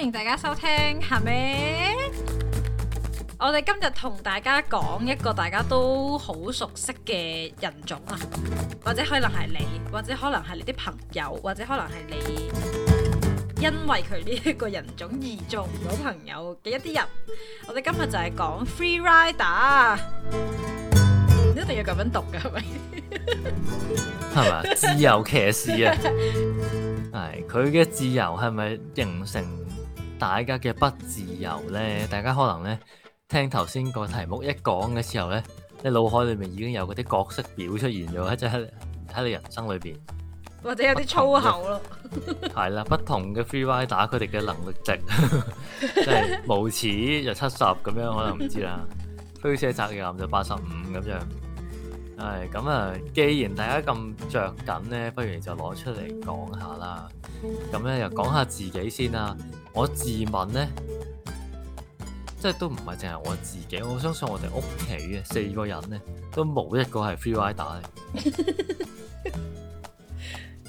歡迎大家收聽，係咪？我哋今日同大家講一個大家都好熟悉嘅人種啊，或者可能係你，或者可能係你啲朋友，或者可能係你，因為佢呢一個人種而做唔到朋友嘅一啲人。我哋今日就係講 free rider，一定要咁樣讀噶，係咪？係咪啊？自由騎士啊，係佢嘅自由係咪形成？大家嘅不自由咧，大家可能咧聽頭先個題目一講嘅時候咧，你腦海裏面已經有嗰啲角色表出現咗，喺喺你人生裏邊，或者有啲粗口咯。係啦，不同嘅 free rider 佢哋嘅能力值，即係無恥就七十咁樣，可能唔知啦。推卸責任就八十五咁樣。係咁啊，既然大家咁着緊咧，不如就攞出嚟講下啦。咁咧又講下自己先啦。我自問咧，即係都唔係淨係我自己，我相信我哋屋企嘅四個人咧，都冇一個係 free rider，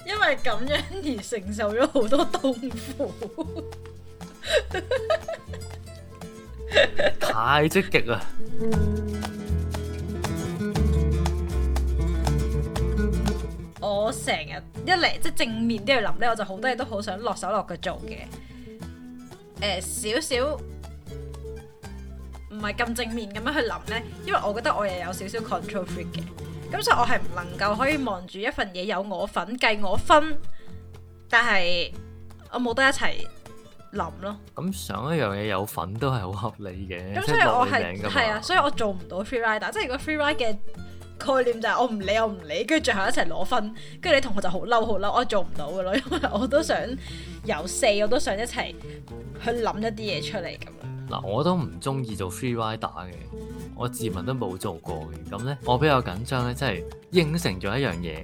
因為咁樣而承受咗好多痛苦 太積極啦！我成日一嚟即係正面都要諗咧，我就好多嘢都好想落手落腳做嘅。誒少少唔係咁正面咁樣去諗呢，因為我覺得我又有少少 control freak 嘅，咁所以我係唔能夠可以望住一份嘢有我份，計我分，但係我冇得一齊諗咯。咁上一樣嘢有份都係好合理嘅。咁所以我係係啊，所以我做唔到 free rider，即係如果 free ride 嘅。概念就係我唔理我唔理，跟住最後一齊攞分，跟住你同學就好嬲好嬲，我做唔到噶咯，因為我都想由四，我都想一齊去諗一啲嘢出嚟咁樣。嗱，我都唔中意做 free rider 嘅，我自問都冇做過嘅，咁咧我比較緊張咧，即係應承咗一樣嘢，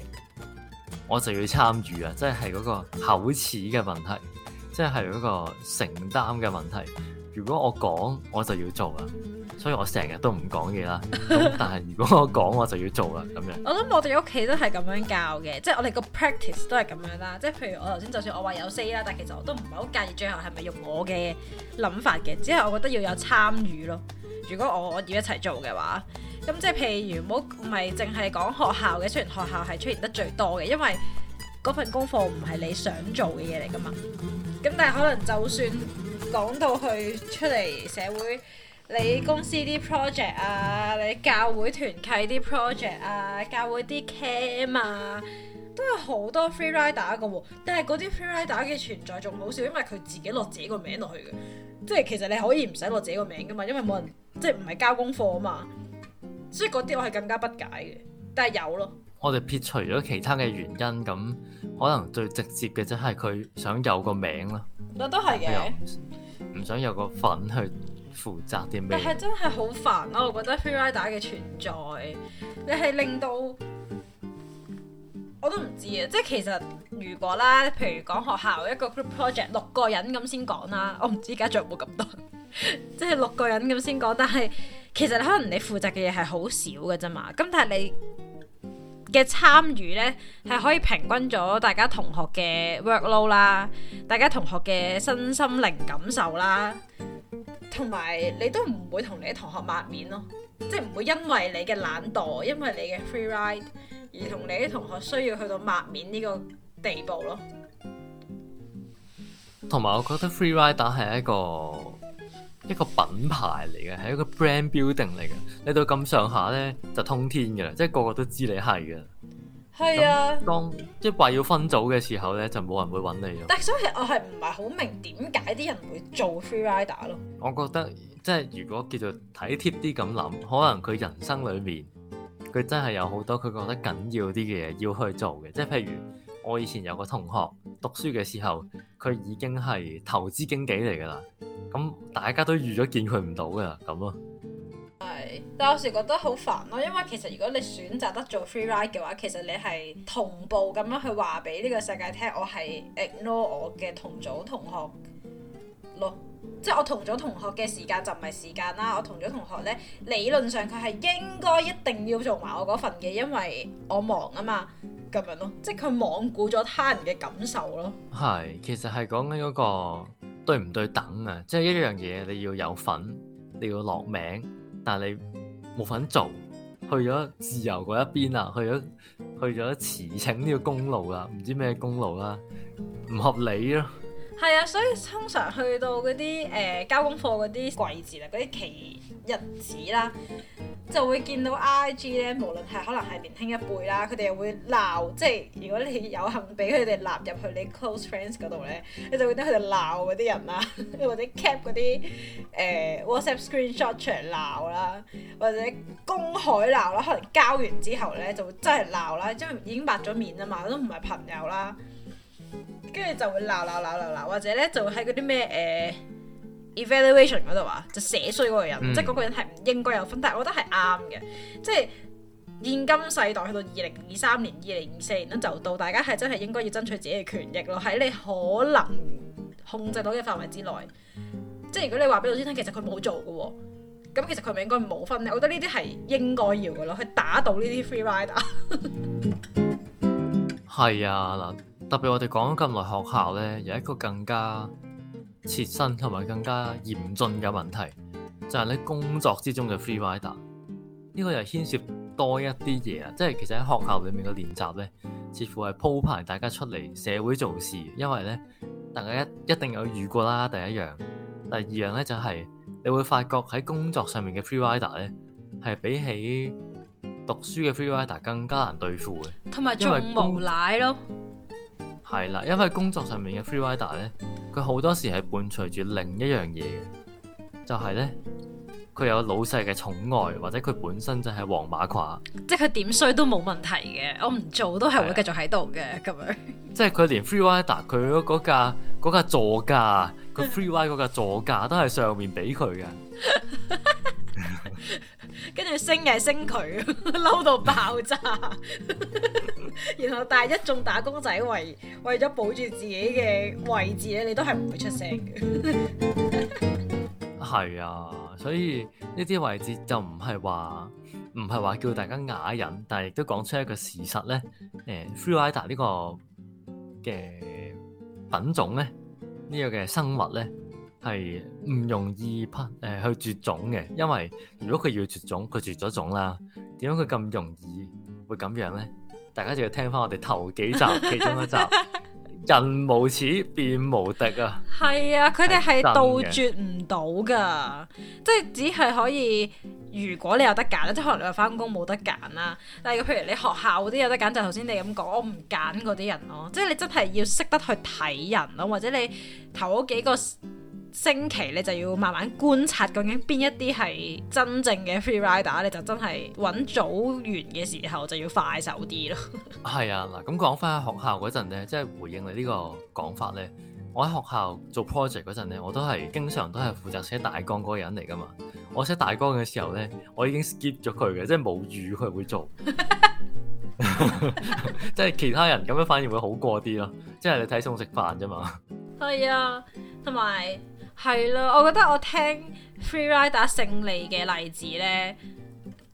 我就要參與啊，即係嗰個口齒嘅問題，即係嗰個承擔嘅問題。如果我講，我就要做啊。所以我成日都唔講嘢啦。 但係如果我講我就要做啦咁樣， 樣、就是、樣。我諗我哋屋企都係咁樣教嘅，即係我哋個 practice 都係咁樣啦。即係譬如我頭先就算我話有 say 啦，但係其實我都唔係好介意最後係咪用我嘅諗法嘅，只係我覺得要有參與咯。如果我，我要一齊做嘅話，咁即係譬如唔好唔係淨係講學校嘅，雖然學校係出現得最多嘅，因為嗰份功課唔係你想做嘅嘢嚟㗎嘛。咁但係可能就算講到去出嚟社會。你公司啲 project 啊，你教會團契啲 project 啊，教會啲 cam 啊，都有好多 free rider 㗎喎，但係嗰啲 free rider 嘅存在仲好笑，因為佢自己落自己個名落去嘅，即係其實你可以唔使落自己個名㗎嘛，因為冇人即係唔係交功課啊嘛，所以嗰啲我係更加不解嘅，但係有咯。我哋撇除咗其他嘅原因，咁可能最直接嘅即係佢想有個名咯。嗱都係嘅，唔想有個份去。負責啲咩？但係真係好煩咯，我覺得 free rider 嘅存在，你係令到我都唔知啊！即係其實如果啦，譬如講學校一個 group project 六個人咁先講啦，我唔知而家仲有冇咁多，即係六個人咁先講。但係其實可能你負責嘅嘢係好少嘅啫嘛，咁但係你。嘅參與呢，係可以平均咗大家同學嘅 workload 啦，大家同學嘅身心靈感受啦，同埋你都唔會同你啲同學抹面咯，即係唔會因為你嘅懶惰，因為你嘅 free ride 而同你啲同學需要去到抹面呢個地步咯。同埋我覺得 free rider 係一個。一個品牌嚟嘅，係一個 brand building 嚟嘅，你到咁上下咧，就通天嘅啦，即係個個都知你係嘅。係啊，當即係話要分組嘅時候咧，就冇人會揾你咯。但係所以，我係唔係好明點解啲人會做 free rider 咯？我覺得即係如果叫做體貼啲咁諗，可能佢人生裏面佢真係有好多佢覺得緊要啲嘅嘢要去做嘅，即係譬如我以前有個同學讀書嘅時候，佢已經係投資經紀嚟噶啦。咁大家都預咗見佢唔到噶，咁咯。係，但有時覺得好煩咯，因為其實如果你選擇得做 free ride 嘅話，其實你係同步咁樣去話俾呢個世界聽，我係 ignore 我嘅同組同學咯，即係我同組同學嘅時間就唔係時間啦。我同組同學咧，理論上佢係應該一定要做埋我嗰份嘅，因為我忙啊嘛，咁樣咯，即係佢罔顧咗他人嘅感受咯。係，其實係講緊嗰個。對唔對等啊？即係一樣嘢你要有份，你要落名，但係你冇份做，去咗自由嗰一邊啊，去咗去咗辭請呢個功勞啦，唔知咩功勞啦，唔合理咯。係啊，所以通常去到嗰啲誒交功課嗰啲季節啦，嗰啲期日子啦。就會見到 IG 咧，無論係可能係年輕一輩啦，佢哋又會鬧，即係如果你有幸俾佢哋納入去你 close friends 嗰度咧，你就會得佢哋鬧嗰啲人啦，或者 cap 嗰啲誒 WhatsApp screenshot 出嚟鬧啦，或者公海鬧啦，可能交完之後咧就會真係鬧啦，因為已經抹咗面啊嘛，都唔係朋友啦，跟住就會鬧鬧鬧鬧鬧，或者咧就喺嗰啲咩誒。呃 evaluation 嗰度啊，就寫衰嗰個人，嗯、即係嗰個人係唔應該有分，但係我覺得係啱嘅，即係現今世代去到二零二三年、二零二四年咧就到，大家係真係應該要爭取自己嘅權益咯，喺你可能控制到嘅範圍之內，即係如果你話俾老師聽，其實佢冇做嘅，咁其實佢咪應該冇分咧？我覺得呢啲係應該要嘅咯，去打倒呢啲 free rider 係 啊，嗱，特別我哋講咗咁耐學校咧，有一個更加切身同埋更加嚴峻嘅問題，就係咧，工作之中嘅 free rider 呢個又牽涉多一啲嘢啊！即係其實喺學校裏面嘅練習咧，似乎係鋪排大家出嚟社會做事，因為咧大家一一定有遇過啦。第一樣，第二樣咧就係你會發覺喺工作上面嘅 free rider 咧，係比起讀書嘅 free rider 更加難對付嘅，同埋仲無賴咯。係啦，因為工作上面嘅 Free Rider 咧，佢好多時係伴隨住另一樣嘢嘅，就係咧佢有老細嘅寵愛，或者佢本身就係黃馬褂，即係佢點衰都冇問題嘅，我唔做都係會繼續喺度嘅咁樣。即係佢連 Free Rider 佢嗰架嗰架座駕，佢 Free Rider 嗰架座駕都係上面俾佢嘅，跟住 升又升佢，嬲到爆炸。 然後，但係一眾打工仔為為咗保住自己嘅位置咧，你都係唔會出聲嘅。係 啊，所以呢啲位置就唔係話唔係話叫大家啞忍，但係亦都講出一個事實咧。誒、呃、free rider 呢個嘅品種咧，呢、呢個嘅生物咧，係唔容易噴誒去絕種嘅，因為如果佢要絕種，佢絕咗種啦。點解佢咁容易會咁樣咧？大家就要聽翻我哋頭幾集其中一集， 人無恥變無敵啊！係啊，佢哋係杜絕唔到嘅，即係只係可以。如果你有得揀咧，即係可能你話翻工冇得揀啦。但係譬如你學校啲有得揀，就頭先你咁講，我唔揀嗰啲人咯。即係你真係要識得去睇人咯，或者你頭嗰幾個。星期你就要慢慢觀察究竟邊一啲係真正嘅 free rider，你就真係揾組員嘅時候就要快手啲咯。係啊，嗱咁 講返喺學校嗰陣咧，即係回應你呢個講法咧。我喺學校做 project 嗰陣咧，我都係經常都係負責寫大綱嗰個人嚟㗎嘛。我寫大綱嘅時候咧，我已經 skip 咗佢嘅，即係冇語佢會做， 即係其他人咁樣反而會好過啲咯。即係你睇餸食飯啫嘛。係啊，同埋。係啦，我覺得我聽 free rider 勝利嘅例子呢，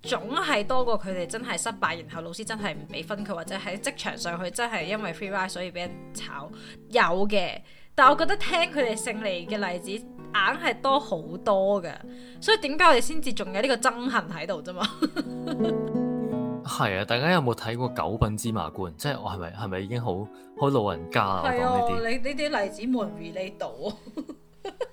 總係多過佢哋真係失敗，然後老師真係唔俾分佢，或者喺職場上佢真係因為 free rider 所以俾人炒，有嘅。但我覺得聽佢哋勝利嘅例子，硬係多好多㗎。所以點解我哋先至仲有呢個憎恨喺度啫嘛？係 啊，大家有冇睇過九品芝麻官？即係我係咪係咪已經好好老人家啊？我講呢啲，你呢啲例子冇人 read 到。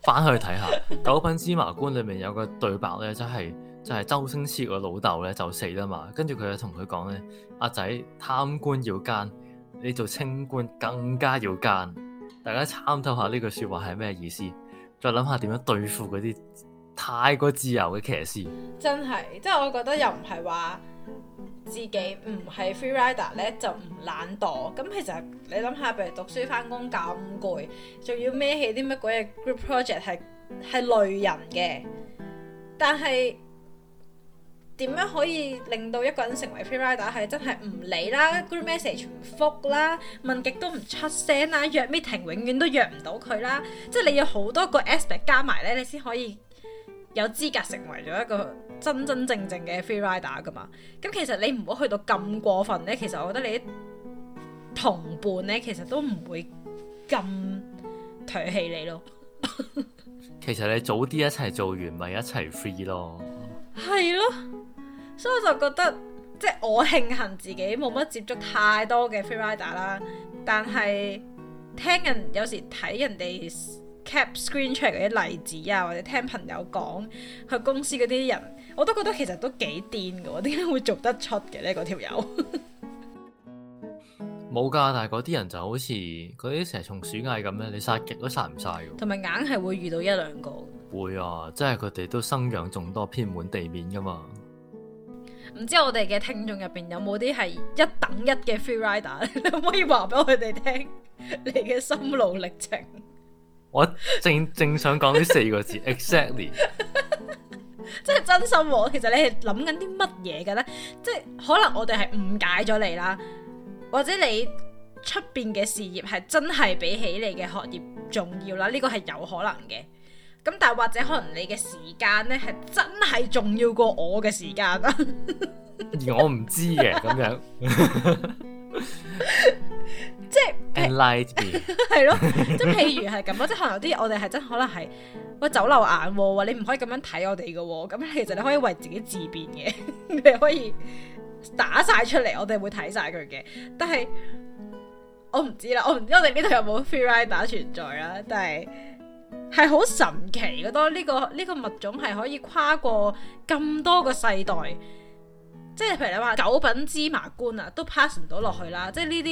翻 去睇下《九品芝麻官》裏面有個對白咧，就係就係周星馳個老豆咧就死啦嘛，跟住佢就同佢講咧：阿、啊、仔貪官要奸，你做清官更加要奸。大家參透下呢句説話係咩意思？再諗下點樣對付嗰啲太過自由嘅騎士。真係，即係我覺得又唔係話。自己唔係 free rider 咧就唔懶惰，咁其實你諗下，譬如讀書、翻工咁攰，仲要孭起啲乜鬼嘢 group project 係係累人嘅。但係點樣可以令到一個人成為 free rider 係真係唔理啦，group message 唔復啦，問極都唔出聲啦，約 meeting 永遠都約唔到佢啦。即係你要好多個 aspect 加埋咧，你先可以。有資格成為咗一個真真正正嘅 free rider 噶嘛？咁其實你唔好去到咁過分呢。其實我覺得你同伴呢，其實都唔會咁頹、呃、氣你咯。 其實你早啲一齊做完，咪一齊 free 咯。係咯，所以我就覺得，即、就、係、是、我慶幸自己冇乜接觸太多嘅 free rider 啦。但係聽人有時睇人哋。c a p screen check 嗰啲例子啊，或者聽朋友講，佢公司嗰啲人，我都覺得其實都幾癲噶，點解會做得出嘅咧？嗰條友冇噶，但係嗰啲人就好似嗰啲蛇蟲鼠蟻咁咧，你殺極都殺唔晒噶。同埋硬係會遇到一兩個。會啊，即係佢哋都生養眾多，偏滿地面噶嘛。唔知我哋嘅聽眾入邊有冇啲係一等一嘅 freerider？ 你可唔可以話俾佢哋聽你嘅心路歷程？ 我正正想講呢四個字 ，Exactly， 即係真心喎。其實你係諗緊啲乜嘢嘅咧？即係可能我哋係誤解咗你啦，或者你出邊嘅事業係真係比起你嘅學業重要啦？呢個係有可能嘅。咁但係或者可能你嘅時間咧係真係重要過我嘅時間 而我唔知嘅咁樣。 即係，係咯 Light， 即係譬如係咁咯， 即係可能啲我哋係真可能係，喂走漏眼喎、哦，你唔可以咁樣睇我哋嘅喎，咁其實你可以為自己自辯嘅，你可以打曬出嚟，我哋會睇曬佢嘅，但係我唔知啦，我唔知我哋呢度有冇 free rider 存在啦，但係係好神奇嘅多，呢個呢個物種係可以跨過咁多個世代。即係譬如你話九品芝麻官啊，都 pass 唔到落去啦。即係呢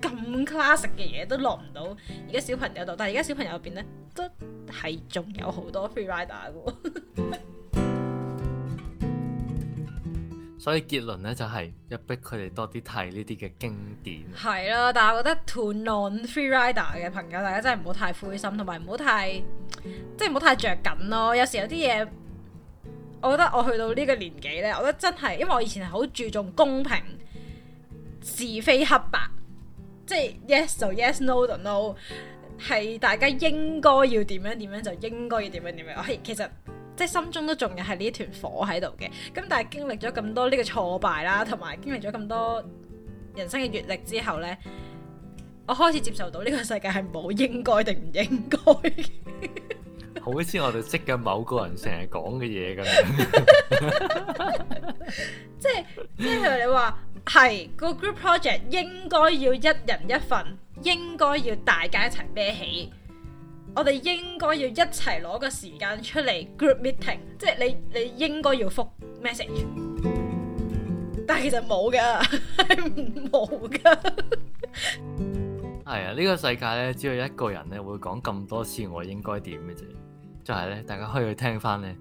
啲咁 classic 嘅嘢都落唔到而家小朋友度。但係而家小朋友入邊呢，都係仲有好多 free rider 嘅。所以結論呢，就係要逼佢哋多啲睇呢啲嘅經典。係啦，但係我覺得 to non free rider 嘅朋友，大家真係唔好太灰心，同埋唔好太即係唔好太着緊咯。有時有啲嘢。我覺得我去到呢個年紀呢，我覺得真係，因為我以前係好注重公平是非黑白，即係 yes 就、so、yes，no 就 no，係大家應該要點樣點樣，就應該要點樣點樣。我其實即係心中都仲有係呢一團火喺度嘅。咁但係經歷咗咁多呢個挫敗啦，同埋經歷咗咁多人生嘅閱歷之後呢，我開始接受到呢個世界係冇應該定唔應該。 好似我哋識嘅某個人成日講嘅嘢咁，即係，即係你話係個 group project 應該要一人一份，應該要大家一齊孭起，我哋應該要一齊攞個時間出嚟 group meeting，即係你你應該要覆 message，但係其實冇噶，冇噶，係啊，呢個世界咧，只要一個人咧會講咁多次，我應該點嘅啫。就係咧，大家可以去聽翻咧，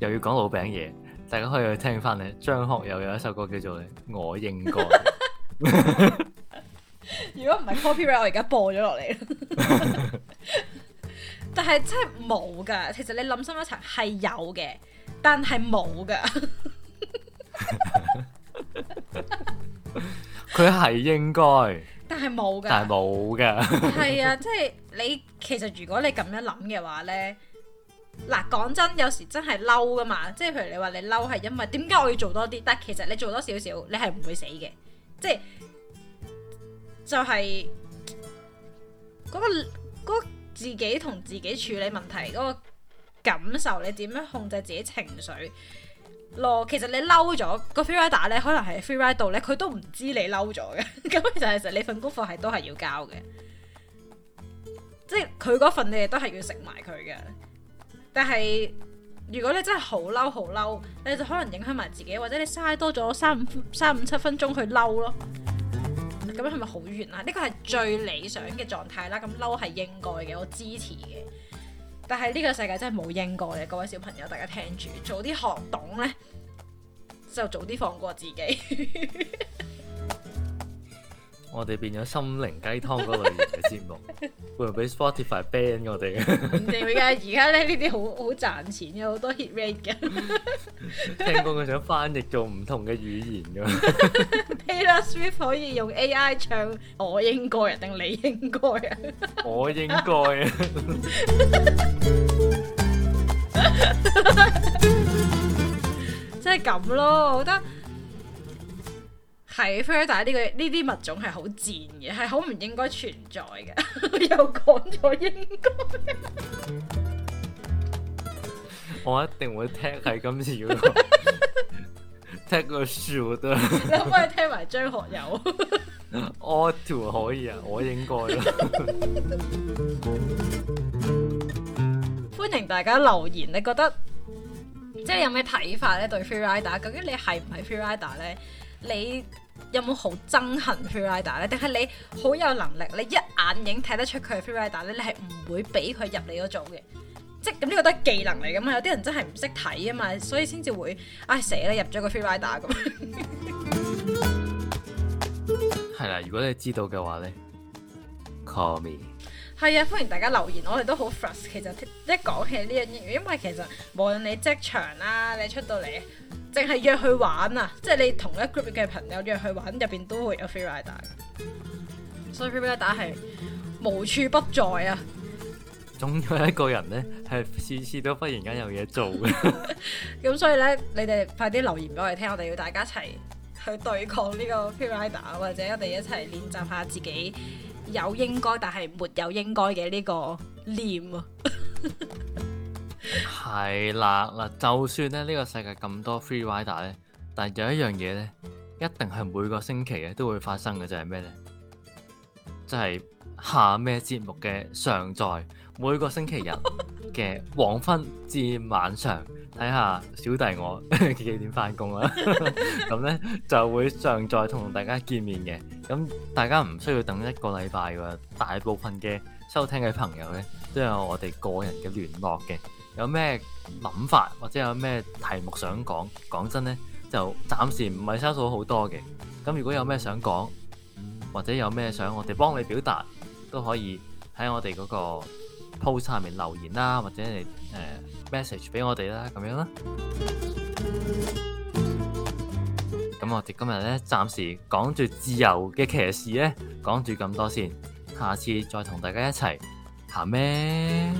又要講老餅嘢。大家可以去聽翻咧，張學友有一首歌叫做《我應該》。 如果唔係 copyright，我而家播咗落嚟。但係真係冇噶，其實你諗深一層係有嘅，但係冇噶。佢 係 應該，但係冇噶，但係冇噶。係 啊，即係你其實如果你咁樣諗嘅話咧。嗱，講真，有時真係嬲噶嘛，即係譬如你話你嬲係因為點解我要做多啲？但其實你做多少少，你係唔會死嘅，即係就係嗰個自己同自己處理問題嗰個感受，你點樣控制自己情緒咯？其實你嬲咗個 free rider 咧，可能係 free rider 度咧，佢都唔知你嬲咗嘅。咁其實其實你份功課係都係要交嘅，即係佢嗰份你哋都係要食埋佢嘅。但係，如果你真係好嬲好嬲，你就可能影響埋自己，或者你嘥多咗三五三五七分鐘去嬲咯。咁樣係咪好冤啊？呢個係最理想嘅狀態啦。咁嬲係應該嘅，我支持嘅。但係呢個世界真係冇應該嘅，各位小朋友，大家聽住，早啲學懂呢，就早啲放過自己。 我哋變咗心靈雞湯嗰類嘅節目， 會唔會俾 Spotify ban 我哋？唔會噶，而家咧呢啲好好賺錢，有好多 hit rate 嘅。 聽過佢想翻譯做唔同嘅語言㗎。 Taylor Swift 可以用 AI 唱我應該啊定你應該啊？我應該啊 應！即係咁咯，我覺得。係 free rider 呢個呢啲物種係好賤嘅，係好唔應該存在嘅。 又講咗應該， 我一定會聽係今次，聽 個 show 都。可唔可以聽埋張學友。我 l to 可以啊，我應該啦 歡迎大家留言，你覺得即係有咩睇法咧？對 free rider 啊，究竟你係唔係 free rider 咧？你？有冇好憎恨 Free Rider 咧？定係你好有能力，你一眼已經睇得出佢係 Free Rider 咧？你係唔會俾佢入你嗰組嘅？即係咁呢個都係技能嚟噶嘛？有啲人真係唔識睇啊嘛，所以先至會唉死啦，入咗個 Free Rider 咁。係啦，如果你知道嘅話咧，Call me。係啊，歡迎大家留言，我哋都好 frust，其實一講起呢樣嘢，因為其實無論你職場啦、啊，你出到嚟。定係約去玩啊！即係你同一 group 嘅朋友約去玩，入邊都會有 free rider，所以 free rider 係無處不在啊！總有一個人咧，係次次都忽然間有嘢做嘅，咁 所以咧，你哋快啲留言俾我哋聽，我哋要大家一齊去對抗呢個 free rider 或者我哋一齊練習下自己有應該但係沒有應該嘅呢個念啊。 係啦嗱，就算咧呢個世界咁多 free rider 咧，但係有一樣嘢咧，一定係每個星期嘅都會發生嘅，就係咩咧？就係下咩節目嘅常在，每個星期日嘅黃昏至晚上，睇下小弟我 幾點翻工啦。咁 咧就會常在同大家見面嘅。咁大家唔需要等一個禮拜噶，大部分嘅收聽嘅朋友咧都有我哋個人嘅聯絡嘅。有咩諗法或者有咩題目想講？講真呢，就暫時唔係收到好多嘅。咁如果有咩想講，或者有咩想我哋幫你表達，都可以喺我哋嗰個 post 下面留言啦，或者係誒、呃、message 俾我哋啦，咁樣啦。咁我哋今日呢，暫時講住自由嘅騎士呢，講住咁多先，下次再同大家一齊行咩？